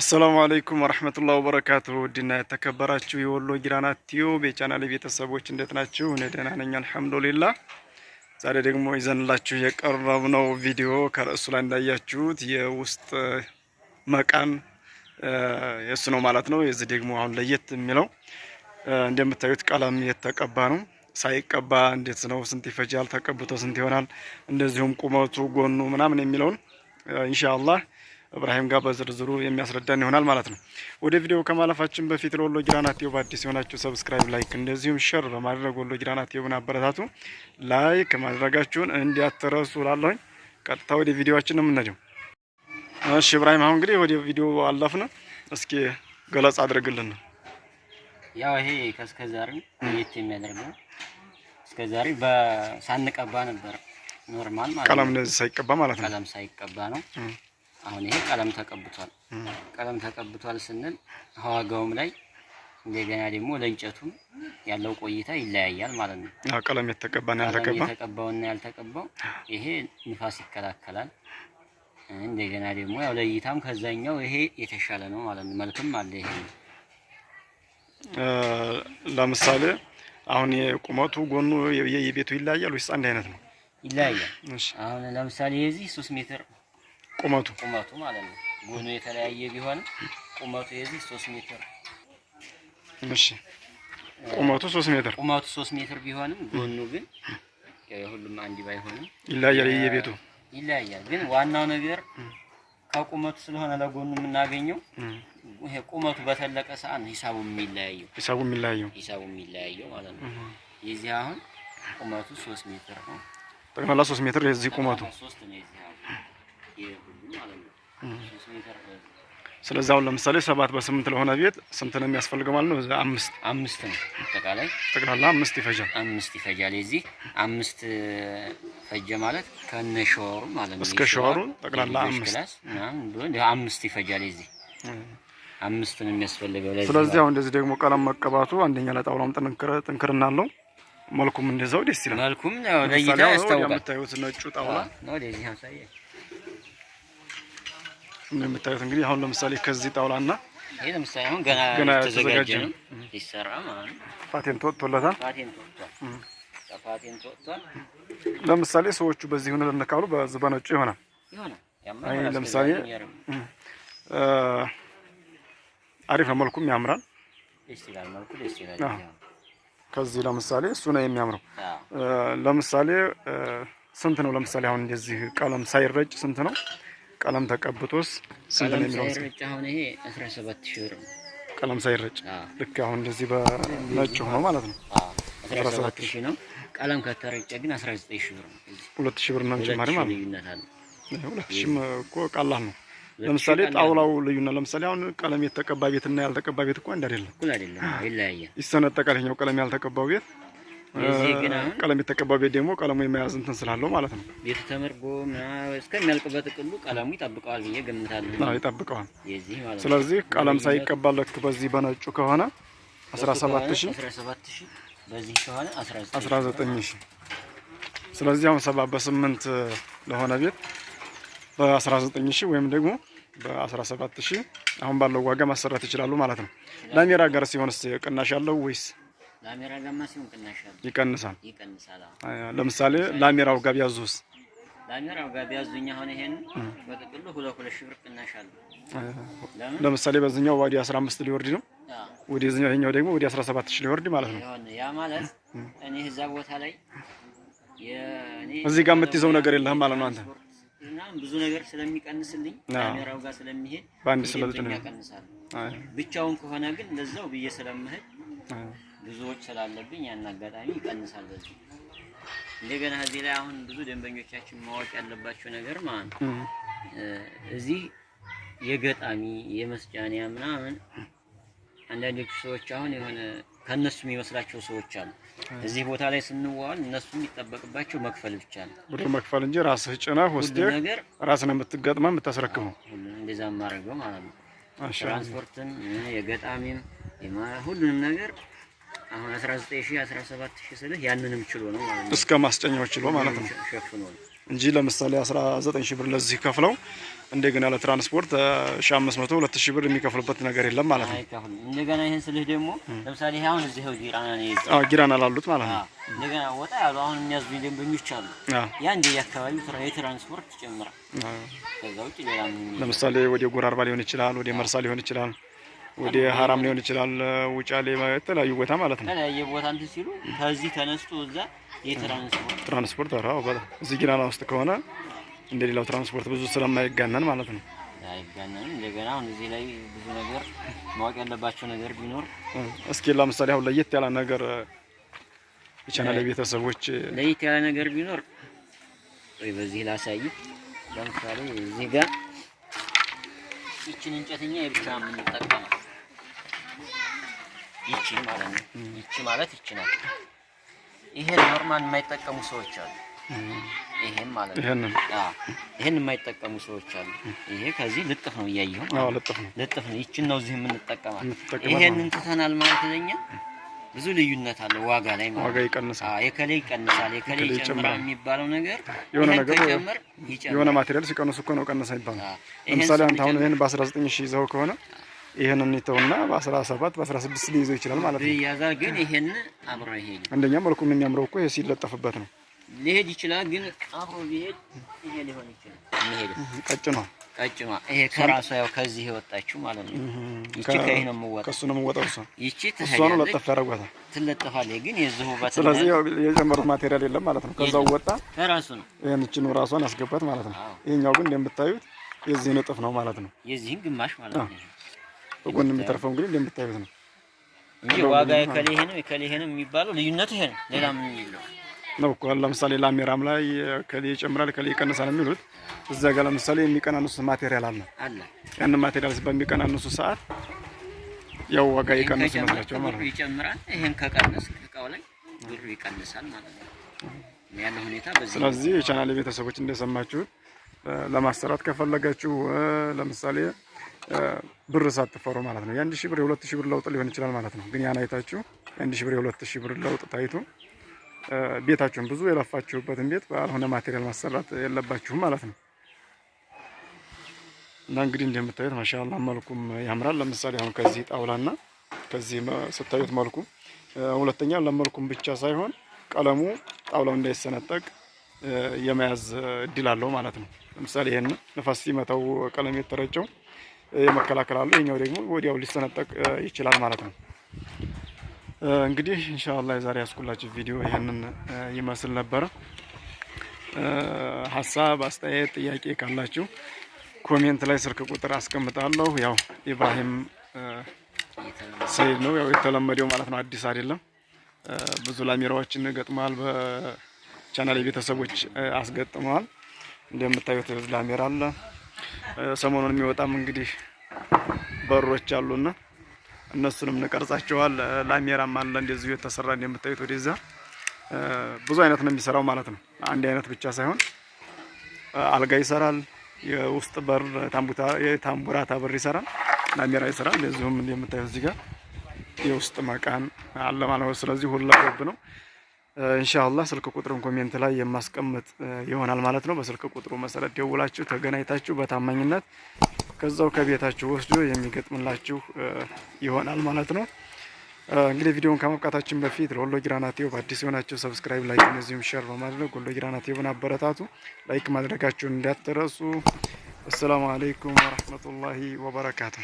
አሰላሙ አለይኩም ወረህመቱላሂ ወበረካቱሁ። ውድና የተከበራችሁ የወሎ ጊራና ቲዩብ የቻናል ቤተሰቦች እንዴት ናችሁ? እኔ ደህና ነኝ አልሐምዱሊላህ። ዛሬ ደግሞ ይዘንላችሁ የቀረብነው ቪዲዮ ከርዕሱ ላይ እንዳያችሁት የውስጥ መቃን የእሱ ነው ማለት ነው። የዚህ ደግሞ አሁን ለየት የሚለው እንደምታዩት ቀለም የተቀባ ነው። ሳይቀባ እንዴት ነው ስንት ይፈጃል? ተቀብቶ ስንት ይሆናል? እንደዚሁም ቁመቱ፣ ጎኑ ምናምን የሚለውን ኢንሻአላህ እብራሂም ጋር በዝርዝሩ የሚያስረዳን ይሆናል ማለት ነው። ወደ ቪዲዮ ከማለፋችን በፊት ለወሎ ጊራና ቲዩብ አዲስ የሆናችሁ ሰብስክራይብ፣ ላይክ እንደዚሁም ሸር በማድረግ ወሎ ጊራና ቲዩብን አበረታቱ። ላይክ ማድረጋችሁን እንዲያትረሱ ላለሁኝ። ቀጥታ ወደ ቪዲዮችን የምንሄደው እሺ። እብራሂም አሁን እንግዲህ ወደ ቪዲዮ አለፍን። እስኪ ገለጻ አድርግልን ነው ያው ይሄ ከእስከዛሬ ለየት የሚያደርገው እስከዛሬ በሳንቀባ ነበር ኖርማል ማለት ቀለም ሳይቀባ ማለት ነው። ቀለም ሳይቀባ ነው። አሁን ይሄ ቀለም ተቀብቷል። ቀለም ተቀብቷል ስንል ዋጋውም ላይ እንደገና ደግሞ ለእንጨቱም ያለው ቆይታ ይለያያል ማለት ነው። ቀለም የተቀባና የተቀባውና ያልተቀባው ይሄ ንፋስ ይከላከላል። እንደገና ደግሞ ያው ለእይታም ከዛኛው ይሄ የተሻለ ነው ማለት ነው። መልክም አለ። ይሄ ለምሳሌ አሁን የቁመቱ ጎኑ የቤቱ ይለያያል ወይስ አንድ አይነት ነው? ይለያያል። አሁን ለምሳሌ የዚህ ሶስት ሜትር ቁመቱ ቁመቱ ማለት ነው። ጎኑ የተለያየ ቢሆንም ቁመቱ የዚህ ሶስት ሜትር እሺ፣ ቁመቱ 3 ሜትር ቁመቱ 3 ሜትር ቢሆንም ጎኑ ግን ሁሉም አንድ ባይሆንም ይለያያል። የየቤቱ ይለያያል። ግን ዋናው ነገር ከቁመቱ ስለሆነ ለጎኑ የምናገኘው ይሄ ቁመቱ በተለቀ ሰዓት ሂሳቡ የሚለያየው ሂሳቡ የሚለያየው ሂሳቡ የሚለያየው ማለት ነው። የዚህ አሁን ቁመቱ 3 ሜትር ነው። ጠቅላላ 3 ሜትር የዚህ ቁመቱ 3 ነው ስለዚህ አሁን ለምሳሌ ሰባት በስምንት ለሆነ ቤት ስንት ነው የሚያስፈልገው ማለት ነው? አምስት አምስት ነው አጠቃላይ ጠቅላላ አምስት ይፈጃል። አምስት ይፈጃል። የዚህ አምስት ፈጀ ማለት ከነ ሸወሩ ማለት ነው። እስከ ሸወሩ ጠቅላላ አምስት አምስት ይፈጃል። የዚህ አምስት ነው የሚያስፈልገው። ስለዚህ አሁን እንደዚህ ደግሞ ቀለም መቀባቱ አንደኛ ለጣውላም ጥንክርና አለው። መልኩም እንደዛው ደስ ይላል። መልኩም ነው ለይታ ያስታውቃል። የምታዩት ነጩ ጣውላ ነው። የምታዩት እንግዲህ አሁን ለምሳሌ ከዚህ ጣውላ እና ይሄ ለምሳሌ አሁን ገና ገና ተዘጋጀ ነው ይሰራ ማለት ነው። ፓቴንት ወጥቶለታል። ፓቴንት ወጥቷል። ለምሳሌ ሰዎቹ በዚህ ሆነ ለነካሉ በነጩ ይሆናል ይሆናል። አይ ለምሳሌ አሪፍ ነው። መልኩም ያምራል። ደስ ይላል። መልኩ ደስ ይላል። ከዚህ ለምሳሌ እሱ ነው የሚያምረው። ለምሳሌ ስንት ነው? ለምሳሌ አሁን እንደዚህ ቀለም ሳይረጭ ስንት ነው? ቀለም ተቀብቶስ ስንት ነው የሚለው? አሁን ይሄ 17 ሺህ ብር ነው። ቀለም ሳይረጭ ልክ አሁን እንደዚህ በነጭ ሆኖ ማለት ነው። 17 ሺህ ነው። ቀለም ከተረጨ ግን 19 ሺህ ብር ነው። 2 ሺህ ብር ነው ጭማሪ ማለት ነው። 2 ሺህ እኮ ቀላል ነው። ለምሳሌ ጣውላው ልዩነት ለምሳሌ አሁን ቀለም የተቀባ ቤት እና ያልተቀባ ቤት እኮ አንድ አይደለም፣ ይለያያል፣ ይሰነጠቃል። ይኸኛው ቀለም ያልተቀባው ቤት ቀለም የተቀባ ቤት ደግሞ ቀለሙ የመያዝ እንትን ስላለው ማለት ነው። ቤቱ ተመርጎ እስከሚያልቅ በጥቅሉ ቀለሙ ይጠብቀዋል ብዬ ገምታለሁ። ይጠብቀዋል። ስለዚህ ቀለም ሳይቀባ ልክ በዚህ በነጩ ከሆነ 17 ሺህ በዚህ ከሆነ 19 ሺህ ስለዚህ አሁን ሰባ በስምንት ለሆነ ቤት በ19 ሺህ ወይም ደግሞ በ17 ሺህ አሁን ባለው ዋጋ ማሰራት ይችላሉ ማለት ነው። ለሜራ ጋር ሲሆንስ ቅናሽ አለው ወይስ ይቀንሳል ለምሳሌ ላሜራው ጋር ቢያዙስ ላሜራው ጋር ቢያዙኝ አሁን ይሄን በጥቅሉ ሁለት ሁለት ሺህ ብር ቅናሽ አለ። ለምሳሌ በዚህኛው ወደ 15 ሊወርድ ነው፣ ወደዚህኛው ይሄኛው ደግሞ ወደ 17 ሺህ ሊወርድ ማለት ነው። ያ ማለት እኔ እዛ ቦታ ላይ እዚህ ጋር የምትይዘው ነገር የለህም ማለት ነው አንተ እና ብዙ ነገር ስለሚቀንስልኝ ካሜራው ጋር ስለሚሄድ በአንድ ስለዚህ ብቻውን ከሆነ ግን ለዛው ብዬ ስለምሄድ ብዙዎች ስላለብኝ ያን አጋጣሚ ይቀንሳል። በዚህ እንደገና እዚህ ላይ አሁን ብዙ ደንበኞቻችን ማወቅ ያለባቸው ነገር ማለት ነው እዚህ የገጣሚ የመስጫኒያ ምናምን አንዳንዶቹ ሰዎች አሁን የሆነ ከነሱ የሚመስላቸው ሰዎች አሉ። እዚህ ቦታ ላይ ስንዋዋል እነሱ የሚጠበቅባቸው መክፈል ብቻ ነው። ብር መክፈል እንጂ ራስህ ጭና ወስደህ ነገር ራስህ ነው የምትገጥመው የምታስረክበው። እንደዛ ማድረገው ማለት ነው። ትራንስፖርትም የገጣሚም ሁሉንም ነገር አሁን 19000 ሺህ ስልህ ያንንም ችሎ ነው ማለት ነው። እስከ ማስጨኛው ችሎ ማለት ነው ሸፍኖ እንጂ ለምሳሌ 19000 ብር ለዚህ ከፍለው እንደገና ለትራንስፖርት 1500 2000 ብር የሚከፍሉበት ነገር የለም ማለት ነው። እንደገና ይሄን ስልህ ደግሞ ለምሳሌ ይሄ አሁን እዚህ ጊራና ነው ይዘው አዎ፣ ጊራና ላሉት ማለት ነው። እንደገና ወጣ ያሉ አሁን የሚያዙኝ ደንበኞች አሉ። ያ እንደ የአካባቢው የትራንስፖርት ይጨምራል። ከዛ ውጪ ሌላ ለምሳሌ ወደ ጎራርባ ሊሆን ይችላል፣ ወደ መርሳ ሊሆን ይችላል ወደ ሀራም ሊሆን ይችላል፣ ውጫሌ የተለያዩ ቦታ ማለት ነው። ተለያየ ቦታ እንትን ሲሉ ከዚህ ተነስቶ እዛ የትራንስፖርት ትራንስፖርት አራው በጣም እዚህ ጊራና ውስጥ ከሆነ እንደሌላው ትራንስፖርት ብዙ ስለማይጋነን ማለት ነው። አይጋነንም። እንደገና አሁን እዚህ ላይ ብዙ ነገር ማወቅ ያለባቸው ነገር ቢኖር እስኪ ለምሳሌ አሁን ለየት ያለ ነገር የቻናል ቤተሰቦች ለየት ያለ ነገር ቢኖር ወይ በዚህ ላሳይ። ለምሳሌ እዚህ ጋር ይችን እንጨትኛ የብቻ የምንጠቀመው ይቺ ማለት ነው። ይቺ ማለት ይቺ ናት። ይሄ ኖርማል የማይጠቀሙ ሰዎች አሉ። ይሄን ማለት ነው። ይሄን የማይጠቀሙ ሰዎች አሉ። ይሄ ከዚህ ልጥፍ ነው እያየሁ። አዎ ልጥፍ ነው፣ ልጥፍ ነው። ይቺን ነው እዚህ የምንጠቀማት። ይሄን እንትተናል ማለት ለኛ ብዙ ልዩነት አለ ዋጋ ላይ ማለት ዋጋ ይቀንሳል። አዎ የከሌ ይቀንሳል፣ የከሌ ይጨምራል የሚባለው ነገር የሆነ ነገር የሆነ ማቴሪያል ሲቀንሱ እኮ ነው ቀነሰ ይባላል። ለምሳሌ አንተ አሁን ይሄን በ19 ሺህ ይዘው ከሆነ ይሄንን ይተውና በ17 በ16 ሊይዘው ይችላል ማለት ነው። ይያዛል ግን ይሄን አብሮ ይሄን አንደኛ መልኩ ምን የሚያምረው እኮ ይሄ ሲለጠፍበት ነው። ሊሄድ ይችላል ግን አብሮ ቢሄድ ይሄ ሊሆን ይችላል። ቀጭ ነው ቀጭ ነው። ይሄ ከራሱ ያው ከዚህ የወጣችው ማለት ነው። ይቺ ከይህ ነው የምወጣው ከሱ ነው የምወጣው እሷ ይቺ እሷ ነው ለጠፍ ያደርጓታል ትለጠፋለች። ግን የዚሁ ባት ስለዚህ ያው የጨመሩት ማቴሪያል የለም ማለት ነው። ከዛው ወጣ ከራሱ ነው። ይሄን እቺ ነው ራሷን ያስገባት ማለት ነው። ይሄኛው ግን እንደምታዩት የዚህን እጥፍ ነው ማለት ነው። የዚህን ግማሽ ማለት ነው። በጎን የሚተርፈው እንግዲህ እንደምታዩት ነው። እንግዲህ ዋጋ የከሌ ይሄ ነው የከሌ ይሄ ነው የሚባለው ልዩነቱ ይሄ ነው። ሌላ ምን ነው እኮ ለምሳሌ ላሜራም ላይ ከሌ ይጨምራል ከሌ ይቀንሳል የሚሉት እዛ ጋር ለምሳሌ የሚቀናነሱ ማቴሪያል አለ አለ። ያን ማቴሪያል በሚቀናነሱ ሰዓት ያው ዋጋ ይቀንስ ይመስላቸው ማለት ነው። ይጨምራል ይሄን ከቀነስ እቃው ላይ ብሩ ይቀንሳል ማለት ነው ያለው ሁኔታ በዚህ። ስለዚህ የቻናል ቤተሰቦች እንደሰማችሁት ለማሰራት ከፈለጋችሁ ለምሳሌ ብር ሳትፈሩ ማለት ነው። የአንድ ሺህ ብር የሁለት ሺህ ብር ለውጥ ሊሆን ይችላል ማለት ነው። ግን ያን አይታችሁ የአንድ ሺህ ብር የሁለት ሺህ ብር ለውጥ ታይቶ ቤታችሁን ብዙ የለፋችሁበትን ቤት ባልሆነ ማቴሪያል ማሰራት የለባችሁም ማለት ነው። እና እንግዲህ እንደምታዩት ማሻላ መልኩም ያምራል። ለምሳሌ አሁን ከዚህ ጣውላና ከዚህ ስታዩት መልኩ ሁለተኛ ለመልኩም ብቻ ሳይሆን ቀለሙ ጣውላው እንዳይሰነጠቅ የመያዝ እድል አለው ማለት ነው። ለምሳሌ ይሄን ነፋስ ሲመታው ቀለም የተረጨው መከላከል አለው። ይሄኛው ደግሞ ወዲያው ሊሰነጠቅ ይችላል ማለት ነው። እንግዲህ ኢንሻአላህ የዛሬ ያስኩላችሁ ቪዲዮ ይህንን ይመስል ነበረ። ሀሳብ፣ አስተያየት፣ ጥያቄ ካላችሁ ኮሜንት ላይ ስልክ ቁጥር አስቀምጣለሁ። ያው ኢብራሂም ሰይድ ነው ያው የተለመደው ማለት ነው፣ አዲስ አይደለም። ብዙ ላሚራዎችን ገጥመዋል፣ በቻናል የቤተሰቦች አስገጥመዋል። እንደምታዩት ላሜራ አለ። ሰሞኑን የሚወጣም እንግዲህ በሮች አሉና እነሱንም እንቀርጻቸዋል። ላሜራም አለ እንደዚሁ የተሰራ እንደምታዩት ወደዛ ብዙ አይነት ነው የሚሰራው ማለት ነው። አንድ አይነት ብቻ ሳይሆን አልጋ ይሰራል፣ የውስጥ በር የታምቡራታ በር ይሰራል፣ ላሜራ ይሰራል። እንደዚሁም እንደምታዩት እዚህ ጋር የውስጥ መቃን አለ ማለት ነው። ስለዚህ ሁላ ነው። እንሻአላህ ስልክ ቁጥሩን ኮሜንት ላይ የማስቀምጥ ይሆናል ማለት ነው። በስልክ ቁጥሩ መሰረት ደውላችሁ ተገናኝታችሁ በታማኝነት ከዛው ከቤታችሁ ወስዶ የሚገጥምላችሁ ይሆናል ማለት ነው። እንግዲህ ቪዲዮውን ከማብቃታችን በፊት ለወሎ ጊራና ቲዩብ አዲስ የሆናችሁ ሰብስክራይብ፣ ላይክ እነዚሁም ሸር በማድረግ ወሎ ጊራና ቲዩብን አበረታቱ። ላይክ ማድረጋችሁን እንዳትረሱ። አሰላሙ አለይኩም ወረህመቱላሂ ወበረካቱ።